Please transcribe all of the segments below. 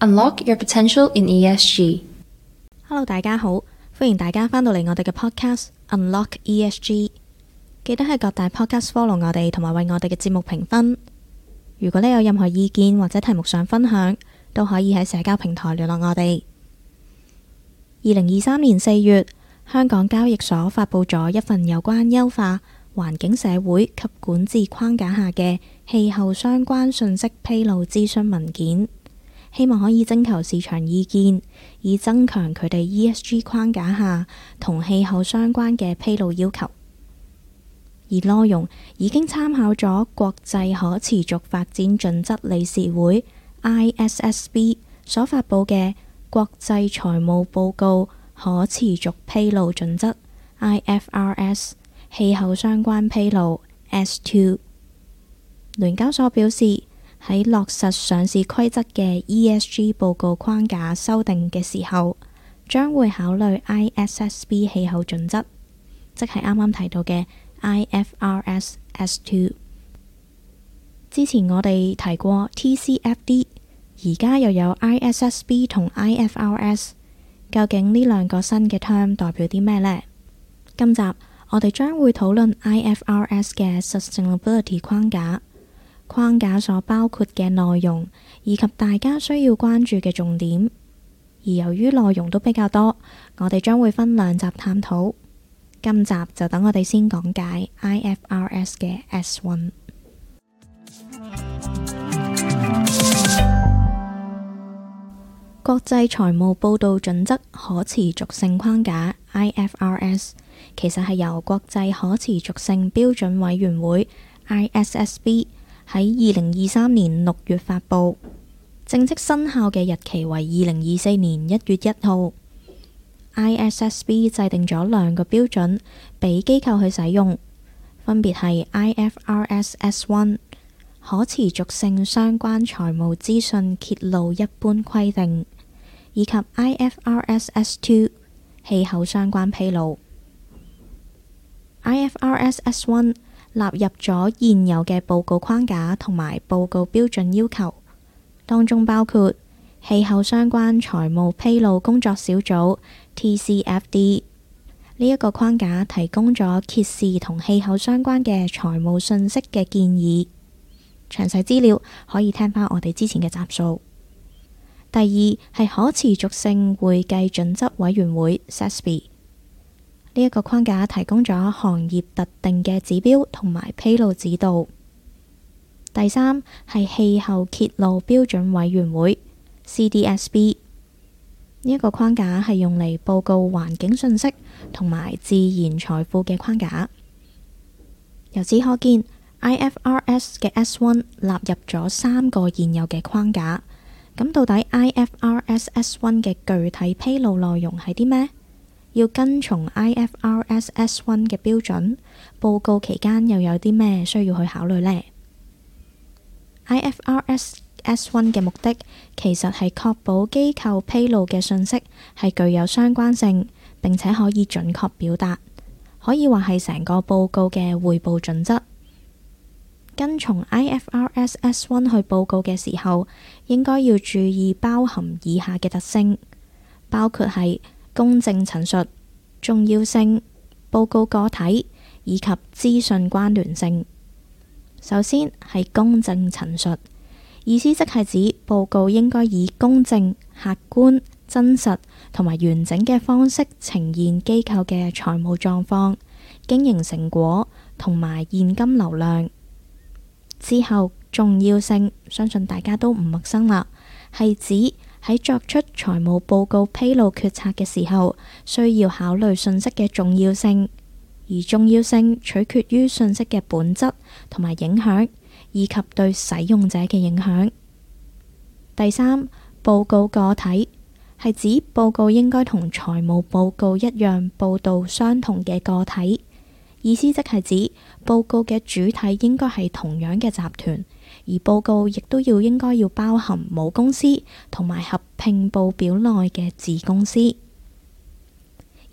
Unlock your potential in ESG。Hello，大家好，歡迎大家翻到嚟我哋嘅 Podcast Unlock ESG。記得喺各大 Podcast follow 我哋，同埋為我哋嘅節目評分。如果你有任何意見或者題目想分享，都可以喺社交平台聯絡我哋。二零二三年四月，香港交易所發佈咗一份有關優化環境、社會及管治框架下嘅氣候相關信息披露諮詢文件。希望可以徵求市場意見，以增強佢哋 ESG 框架下同氣候相關嘅披露要求。而內容已經參考咗國際可持續發展準則理事會 ISSB 所發佈嘅國際財務報告可持續披露準則 IFRS 氣候相關披露 S2。聯交所表示，喺落實上市規則嘅 ESG 報告框架修訂嘅時候，將會考慮 ISSB 氣候準則，即係啱啱提到嘅 IFRS S two。之前我哋提過 TCFD，而家又有 ISSB 同 IFRS，究竟呢兩個新嘅 term 代表啲咩呢？今集我哋將會討論 IFRS 嘅 Sustainability 框架。框架所包括嘅內容，以及大家需要關注嘅重點。而由於內容都比較多，我哋將會分兩集探討。今集就等我哋先講解 IFRS 嘅 S1。國際財務報導準則可持續性框架 IFRS，其實係由國際可持續性標準委員會 ISSB。喺二零二三年六月發布，正式生效嘅日期為二零二四年一月一號。ISSB 制定咗兩個標準俾機構去使用，分別係 IFRS S1 可持續性相關財務資訊揭露一般規定，以及 IFRS S2 氣候相關披露。IFRS S1 納入咗現有嘅報告框架同埋報告標準要求，當中包括氣候相關財務披露工作小組 （TCFD） 呢一個框架，提供咗揭示同氣候相關嘅財務信息嘅建議。詳細資料可以聽翻我哋之前嘅集數。第二係可持續性會計準則委員會 （SASB）。呢一個框架提供咗行業特定嘅指標同埋披露指導。第三係氣候揭露標準委員會 （CDSB）。呢一個框架係用嚟報告環境信息同埋自然財富嘅框架。由此可見，IFRS 嘅 S1 納入咗三個現有嘅框架。咁到底 IFRS S1 嘅具體披露內容係啲咩？要跟從 I F R S S one 嘅標準，報告期間，又有啲咩需要去考慮呢？I F R S S one 嘅目的其實係確保機構披露嘅信息係具有相關性，並且可以準確表達，可以話係成個報告嘅匯報準則。跟從 I F R S S one 去報告嘅時候，應該要注意包含以下嘅特性：包括係，公正陳述、重要性、報告個體以及資訊關聯性。首先係公正陳述，意思即係指報告應該以公正、客觀、真實同埋完整嘅方式呈現機構嘅財務狀況、經營成果同埋現金流量。之後重要性，相信大家都唔陌生啦，係指。喺作出財務報告披露決策嘅時候，需要考慮信息嘅重要性，而重要性取決於信息嘅本質同埋影響，以及對使用者嘅影響。第三，報告個體，係指報告應該同財務報告一樣，報道相同嘅個體，意思即係指報告嘅主體應該係同樣嘅集團。而報告亦都要應該要包含母公司同埋合併報表內嘅子公司。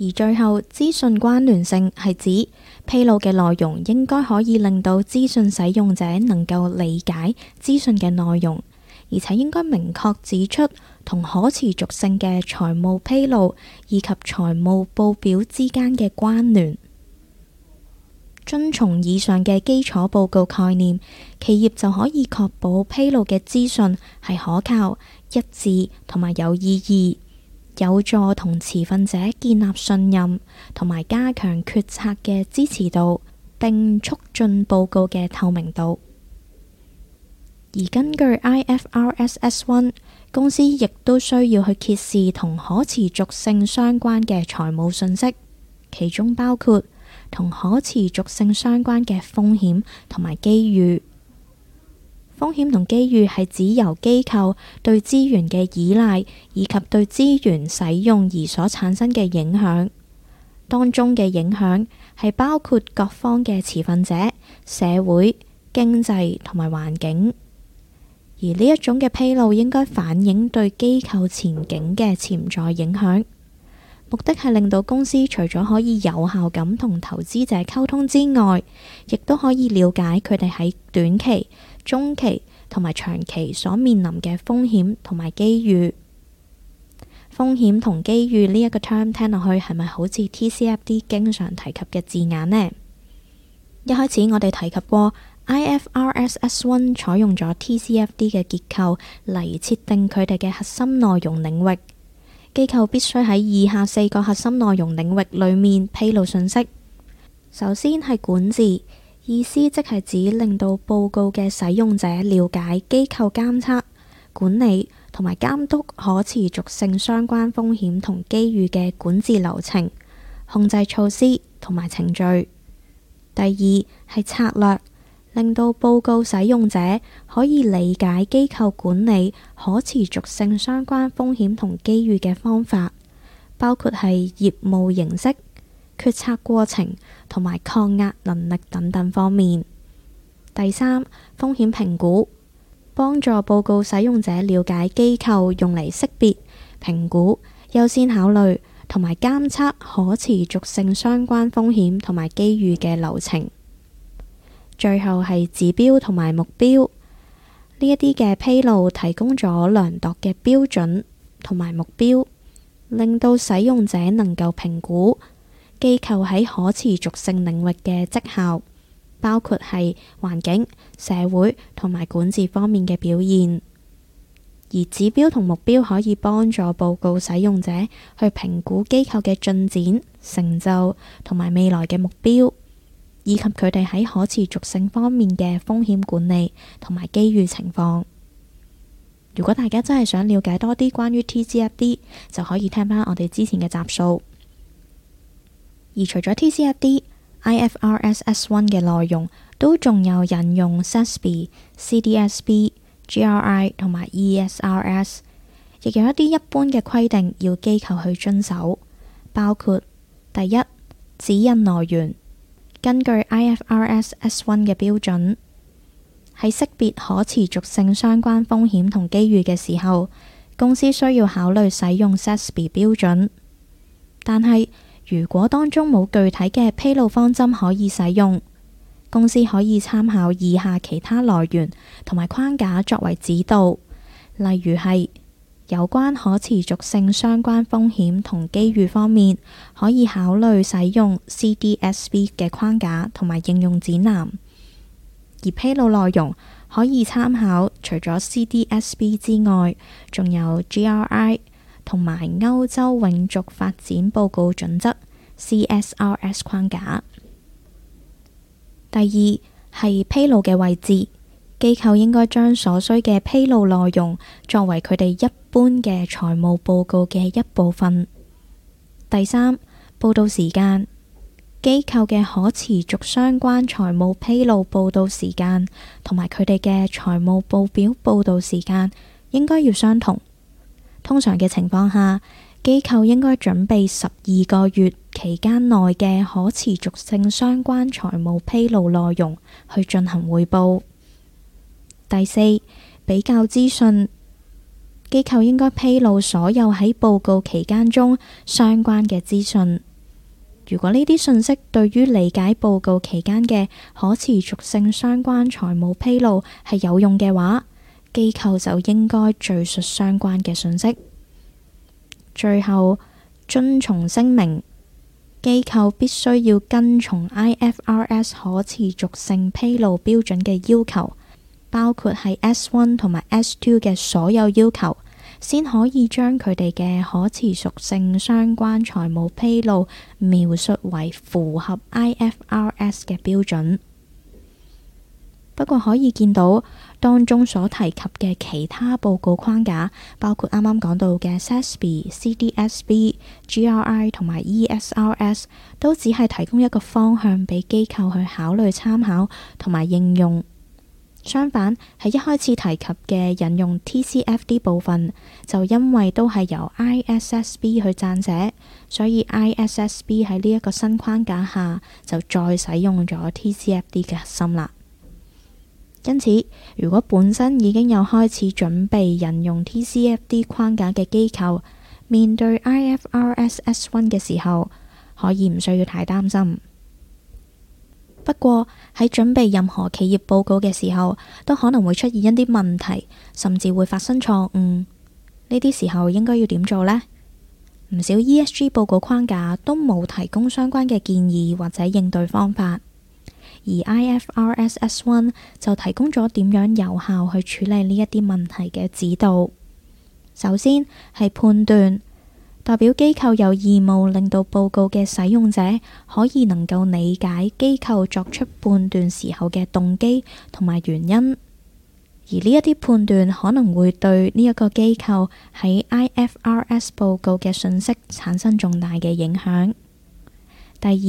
而最後，資訊關聯性係指披露嘅內容應該可以令到資訊使用者能夠理解資訊嘅內容，而且應該明確指出同可持續性嘅財務披露以及財務報表之間嘅關聯。遵從以上嘅基礎報告概念，企業就可以確保披露嘅資訊係可靠、一致同埋有意義，有助同持份者建立信任同埋加強決策嘅支持度，並促進報告嘅透明度。而根據 IFRS S1，公司亦都需要去揭示同可持續性相關嘅財務信息，其中包括：同可持續性相關嘅風險同埋機遇，風險同機遇係指由機構對資源嘅依賴以及對資源使用而所產生嘅影響。當中嘅影響係包括各方嘅持份者、社會、經濟同埋環境，而呢一種嘅披露應該反映對機構前景嘅潛在影響。目的係令到公司除咗可以有效咁同投資者溝通之外，亦都可以了解佢哋喺短期、中期同埋長期所面臨嘅風險同埋機遇。風險同機遇呢一個 term 聽落去係咪好似 TCFD 經常提及嘅字眼呢？一開始我哋提及過 IFRS S1 採用咗 TCFD 嘅結構嚟設定佢哋嘅核心內容領域。機構必須喺以下四個核心內容領域裏面披露信息。首先係管治，意思即係指令到報告嘅使用者了解機構監測、管理同埋監督可持續性相關風險同機遇嘅管治流程、控制措施同埋程序。第二係策略。令到報告使用者可以理解機構管理可持續性相關風險同機遇嘅方法，包括係業務形式、決策過程同埋抗壓能力等等方面。第三，風險評估，幫助報告使用者了解機構用嚟識別、評估、優先考慮同埋監測可持續性相關風險同埋機遇嘅流程。最後係指標同埋目標。呢一啲嘅披露提供咗量度嘅標準同埋目標，令到使用者能夠評估機構喺可持續性領域嘅績效，包括係環境、社會同埋管治方面嘅表現。而指標同目標可以幫助報告使用者去評估機構嘅進展、成就同埋未來嘅目標。以及佢哋喺可持續性方面嘅風險管理同埋機遇情況。如果大家真係想了解多啲關於 T C F D，就可以聽翻我哋之前嘅集數。而除咗 T C F D，I F R S S one 嘅內容都仲有引用 S A S B C D S B G R I 同埋 E S R S，亦有一啲一般嘅規定要機構去遵守，包括第一指引來源。根據 IFRS S1 嘅標準，喺識別可持續性相關風險同機遇嘅時候，公司需要考慮使用 SASB 標準。但係如果當中冇具體嘅披露方針可以使用，公司可以參考以下其他來源同埋框架作為指導，例如係。有關可持續性相關風險同機遇方面，可以考慮使用 CDSB 嘅框架同埋應用指南，而披露內容可以參考除咗 CDSB 之外，仲有 GRI 同埋歐洲永續發展報告準則 CSRS 框架。第二，係披露嘅位置。機構應該將所需嘅披露內容作為佢哋一般嘅財務報告嘅一部分。第三，報道，時間，機構嘅可持續相關財務披露報道時間同埋佢哋嘅財務報表報道時間應該要相同。通常嘅情況下，機構應該準備十二個月期間內嘅可持續性相關財務披露內容去進行匯報。第四，比較資訊。機構應該披露所有喺報告期間中相關嘅資訊。如果呢啲信息對於理解報告期間嘅可持續性相關財務披露係有用嘅話，機構就應該敘述相關嘅信息。最後，遵從聲明。機構必須要跟從 IFRS 可持續性披露標準嘅要求。包括係 S1 同埋 S2 嘅所有要求，先可以將佢哋嘅可持續性相關財務披露描述為符合 IFRS 嘅標準。不過可以見到當中所提及嘅其他報告框架，包括啱啱講到嘅 SASB、CDSB、GRI 同埋 ESRS，都只係提供一個方向俾機構去考慮參考同埋應用。相反，喺一開始提及嘅引用 TCFD 部分，就因為都係由 ISSB 去撰寫，所以 ISSB 喺呢一個新框架下就再使用咗 TCFD 嘅核心啦。因此，如果本身已經有開始準備引用 TCFD 框架嘅機構，面對 IFRS S1 嘅時候，可以唔需要太擔心。不過喺準備任何企業報告嘅時候，都可能會出現一啲問題，甚至會發生錯誤。呢啲時候應該要點做呢？唔少 ESG 報告框架都冇提供相關嘅建議或者應對方法，而 IFRS S1 就提供咗點樣有效去處理呢一啲問題嘅指導。首先係判斷。代表機構有義務令到報告嘅使用者可以能夠理解機構作出判斷時候嘅動機同埋原因，而呢一啲判斷可能會對呢一個機構喺 IFRS 報告嘅信息產生重大嘅影響。第二，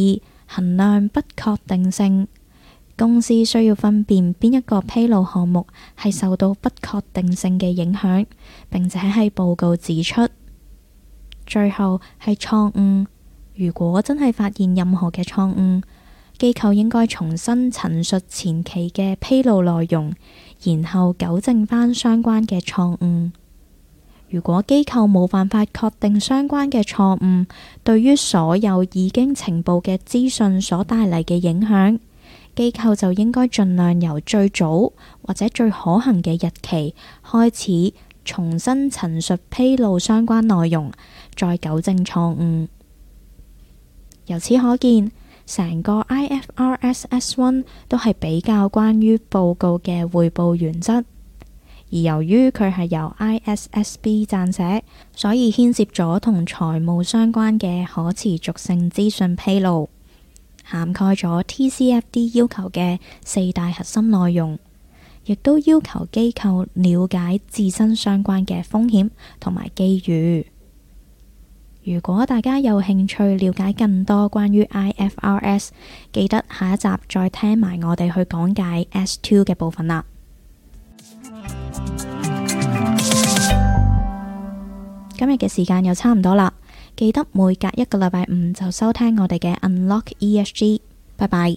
衡量不確定性，公司需要分辨邊一個披露項目係受到不確定性嘅影響，並且喺報告指出。最後係錯誤。如果真係發現任何嘅錯誤，機構應該重新陳述前期嘅披露內容，然後糾正翻相關嘅錯誤。如果機構冇辦法確定相關嘅錯誤，對於所有已經情報嘅資訊所帶嚟嘅影響，機構就應該盡量由最早或者最可行嘅日期開始重新陳述披露相關內容，再糾正錯誤。由此可見，成個 IFRS S1 都係比較關於報告嘅匯報原則，而由於佢係由 ISSB 撰寫，所以牽涉咗同財務相關嘅可持續性資訊披露，涵蓋咗 TCFD 要求嘅四大核心內容。亦都要求機構了解自身相關嘅風險同埋機遇。如果大家有興趣了解更多關於 IFRS，記得下一集再聽埋我哋去講解 S2 嘅部分啦。今日嘅時間又差唔多啦，記得每隔一個禮拜五就收聽我哋嘅 Unlock ESG。拜拜。